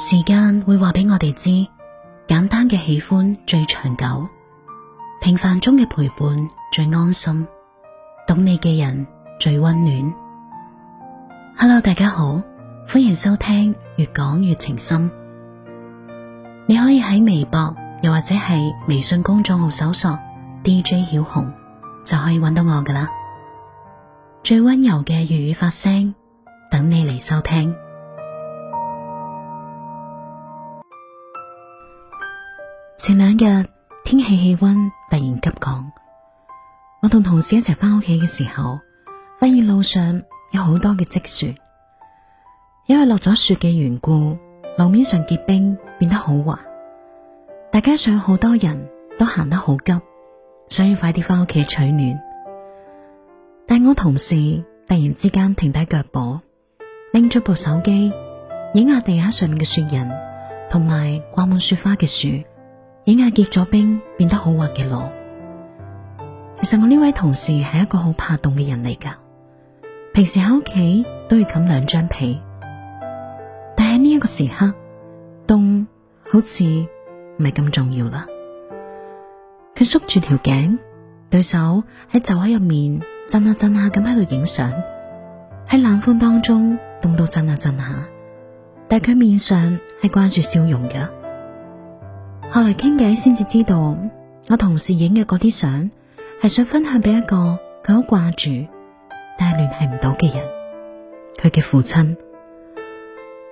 時間會話俾我哋知，簡單嘅喜歡最長久，平凡中嘅陪伴最安心，懂你嘅人最溫暖。Hello，大家好，歡迎收聽越講越情深。你可以喺微博又或者係微信公眾號搜索 DJ 曉紅，就可以揾到我噶啦。最温柔嘅粵語發聲，等你嚟收聽。前兩日天，天氣氣溫突然急降，我同同事一齊返屋企嘅時候，發現路上有好多嘅積雪，因為落咗雪嘅緣故，路面上結冰變得好滑，大街上好多人都行得好急，想要快啲返屋企取暖。但我同事突然之間停低腳步，拎咗部手機影下地下上面嘅雪人，同埋掛滿雪花嘅樹。掩蓋結咗冰變得好滑嘅路。其實我呢位同事係一個好怕凍嘅人嚟噶，平時喺屋企都要冚兩張被。但喺呢一個時刻，凍好似唔係咁重要啦。佢縮住條頸，對手喺袖口入面震下震下咁喺度影相，喺冷風當中凍到震下震下，但佢面上係掛住笑容噶。後來傾偈先至知道我，我同事影嘅嗰啲相係想分享俾一個佢好掛住但係聯繫唔到嘅人，佢嘅父親。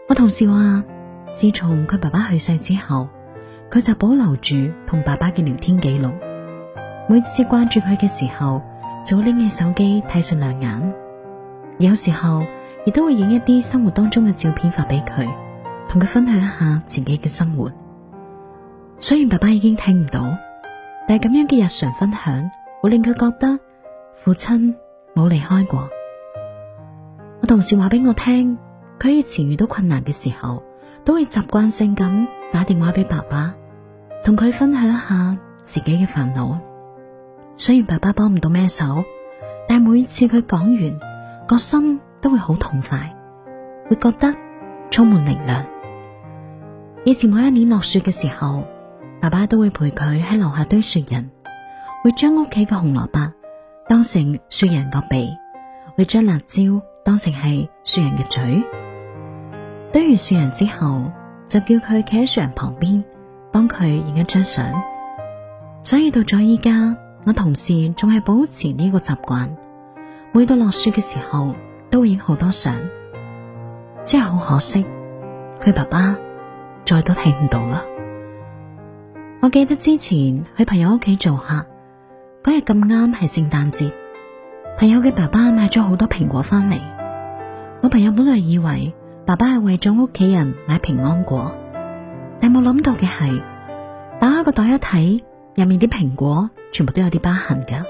我同事話，自從佢爸爸去世之後，佢就保留住同爸爸嘅聊天記錄。每次掛住佢嘅時候，就會拎起手機睇上兩眼。有時候亦都會影一啲生活當中嘅照片發俾佢，同佢分享一下自己嘅生活。雖然爸爸已經聽唔到，但係咁樣嘅日常分享會令佢覺得父親冇離開過。我同事話俾我聽，佢以前遇到困難嘅時候都會習慣性咁打電話俾爸爸，同佢分享一下自己嘅煩惱。雖然爸爸幫唔到咩手，但係每次佢講完，個心都會好痛快，會覺得充滿力量。以前每一年落雪嘅時候。爸爸都會陪佢喺樓下堆雪人，會將屋企嘅紅蘿蔔當成雪人個鼻，會將辣椒當成係雪人嘅嘴。堆完雪人之後，就叫佢企喺雪人旁邊幫佢影一張相。所以到咗依家，我同事仲係保持呢個習慣，每到落雪嘅時候都會影好多相。真係好可惜，佢爸爸再都睇唔到啦。我記得之前去朋友屋企做客，嗰日咁啱係聖誕節，朋友嘅爸爸買咗好多蘋果翻嚟。我朋友本來以為爸爸係為咗屋企人買平安果，但冇諗到嘅係打開個袋一睇，入面啲蘋果全部都有啲疤痕㗎。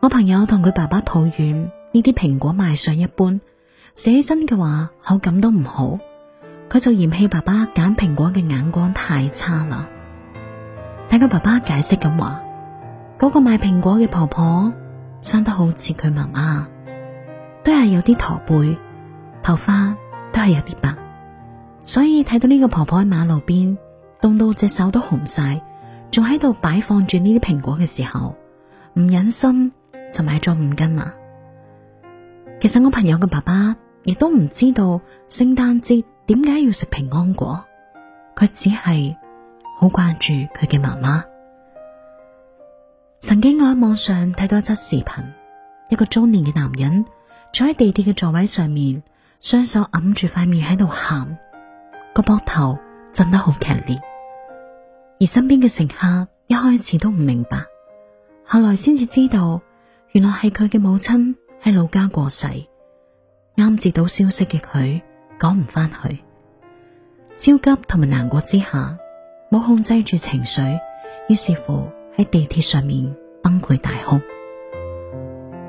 我朋友同佢爸爸抱怨呢啲蘋果賣相一般，寫真嘅話口感都唔好，佢就嫌棄爸爸揀蘋果嘅眼光太差啦。睇到爸爸解釋咁話，嗰個賣蘋果嘅婆婆生得好似佢媽媽，都係有啲駝背，頭髮都係有啲白，所以睇到呢個婆婆喺馬路邊凍到隻手都紅晒，仲喺度擺放住呢啲蘋果嘅時候，唔忍心就買咗五斤啦。其實我朋友嘅爸爸亦都唔知道聖誕節點解要食平安果，佢只係好掛住佢嘅媽媽。曾經我喺網上睇到一則視頻，一個中年嘅男人坐喺地鐵嘅座位上面，雙手揞住塊面喺度喊，個膊頭震得好劇烈。而身邊嘅乘客一開始都唔明白，後來先至知道，原來係佢嘅母親喺老家過世。啱接到消息嘅佢趕唔翻去，焦急同埋難過之下。冇控制住情緒，於是乎喺地鐵上面崩潰大哭。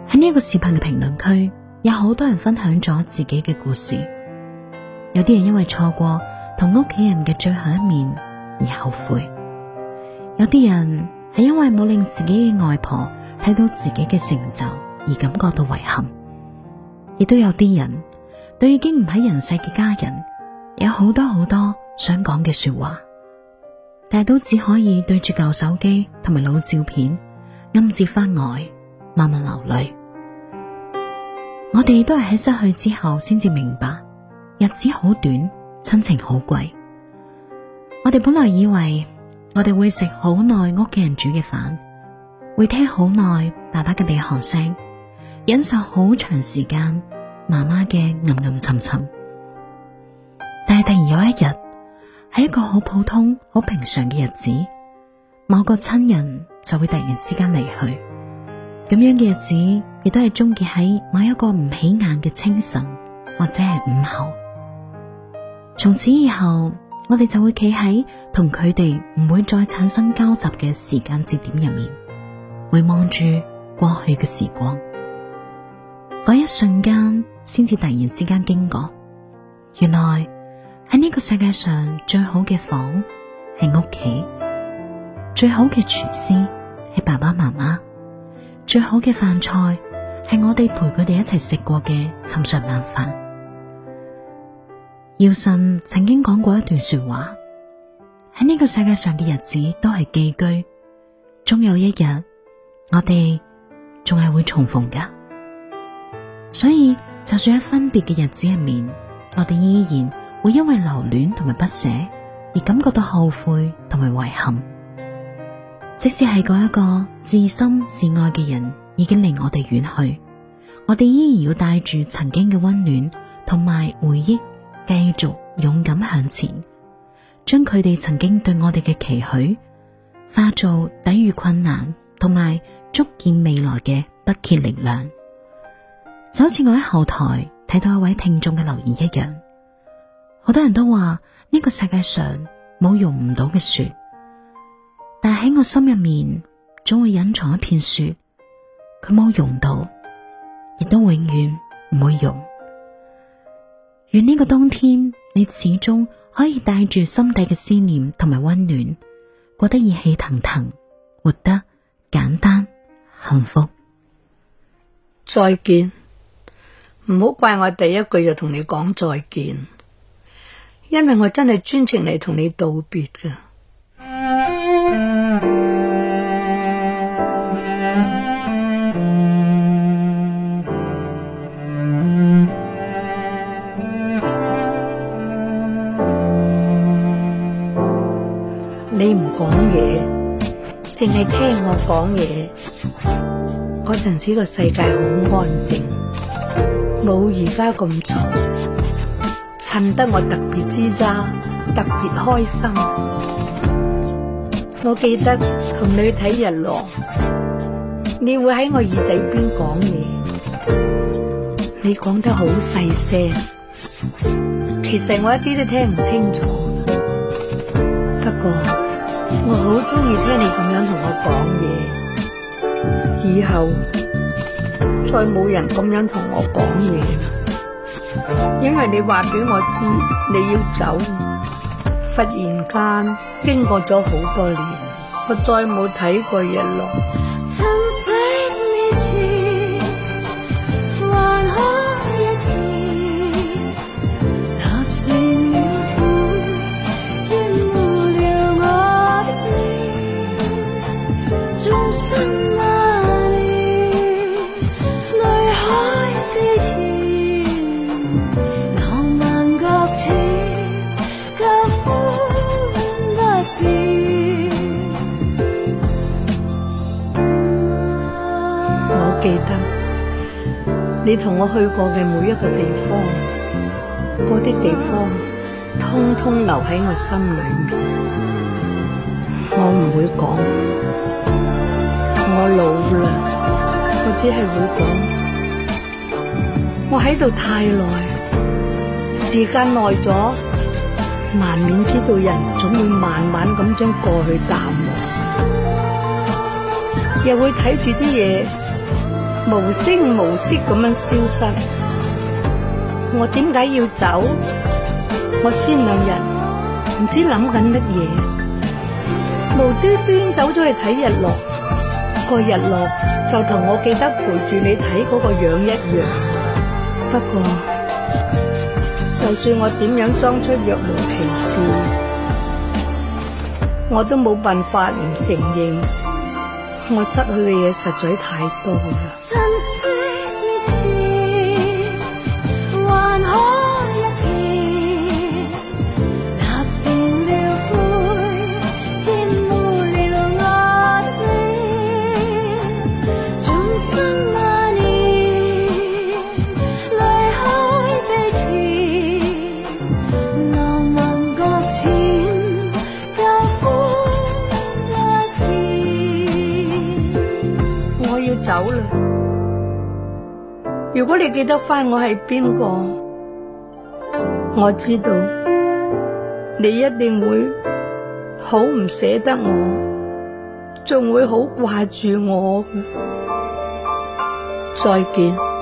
喺呢個視頻嘅評論區，有好多人分享咗自己嘅故事。有啲人因為錯過同屋企人嘅最後一面而後悔；有啲人係因為冇令自己嘅外婆睇到自己嘅成就而感覺到遺憾；亦都有啲人對已經唔喺人世嘅家人有好多好多想講嘅說話。但都只可以對住舊手機同埋老照片，暗自發呆，慢慢流淚。我哋都係喺失去之後先至明白，日子好短，親情好貴。我哋本來以為我哋會食好耐屋企人煮嘅飯，會聽好耐爸爸嘅鼻鼾聲，忍受好長時間媽媽嘅暗暗沉沉。但係突然有一日。喺一個好普通、好平常嘅日子，某個親人就會突然之間離去。咁樣嘅日子亦都係終結喺某一個唔起眼嘅清晨，或者係午後。從此以後，我哋就會企喺同佢哋唔會再產生交集嘅時間節點入面，回望住過去嘅時光。嗰一瞬間，先至突然之間經過，原來。喺呢個世界上最好嘅房係屋企，最好嘅廚師係爸爸媽媽，最好嘅飯菜係我哋陪佢哋一齊食過嘅尋常晚飯。堯神曾經講過一段說話：喺呢個世界上嘅日子都係寄居，終有一日我哋仲係會重逢㗎。所以就算喺分別嘅日子入面，我哋依然。會因為留戀同埋不捨而感覺到後悔同埋遺憾，即使係嗰一個至深至愛嘅人已經離我哋遠去，我哋依然要帶住曾經嘅溫暖同埋回憶，繼續勇敢向前，將佢哋曾經對我哋嘅期許，化作抵禦困難同埋足見未來嘅不竭力量。就好似我喺後台睇到一位聽眾嘅留言一樣。好多人都話呢個世界上冇融唔到嘅雪，但係喺我心入面總會隱藏一片雪，佢冇融到，亦都永遠唔會融。願呢個冬天你始終可以帶住心底嘅思念同埋溫暖，過得熱氣騰騰，活得簡單幸福。再見，唔好怪我第一句就同你講再見。因為我真係專程嚟同你道別噶、嗯， 你唔講嘢，淨係聽我講嘢，嗰陣時個世界好安靜，冇而家咁嘈。恨得我特別之渣，特別開心。我記得同你去睇日落，你會喺我耳仔邊講嘢，你講得好細聲，其實我一啲都聽唔清楚。不過我好中意聽你咁樣同我講嘢，以後再冇人咁樣同我講嘢。因為你話俾我知你要走，忽然間，經過咗好多年，我再冇睇過日落。你同我去過嘅每一個地方，嗰啲地方通通留喺我心裏面。我唔會講，我老啦，我只係會講，我喺度太耐，時間耐咗，難免知道人總會慢慢咁將過去淡忘，又會睇住啲嘢。無聲無息咁樣消失，我點解要走？我先兩日唔知諗緊乜嘢，無端端走咗去睇日落，個日落就同我記得陪住你睇嗰個樣一樣。不過就算我點樣裝出若無其事，我都冇辦法唔承認。我失去嘅嘢實在太多啦。如果你記得翻我係邊個，我知道你一定會好唔捨得我，仲會好掛住我。再見。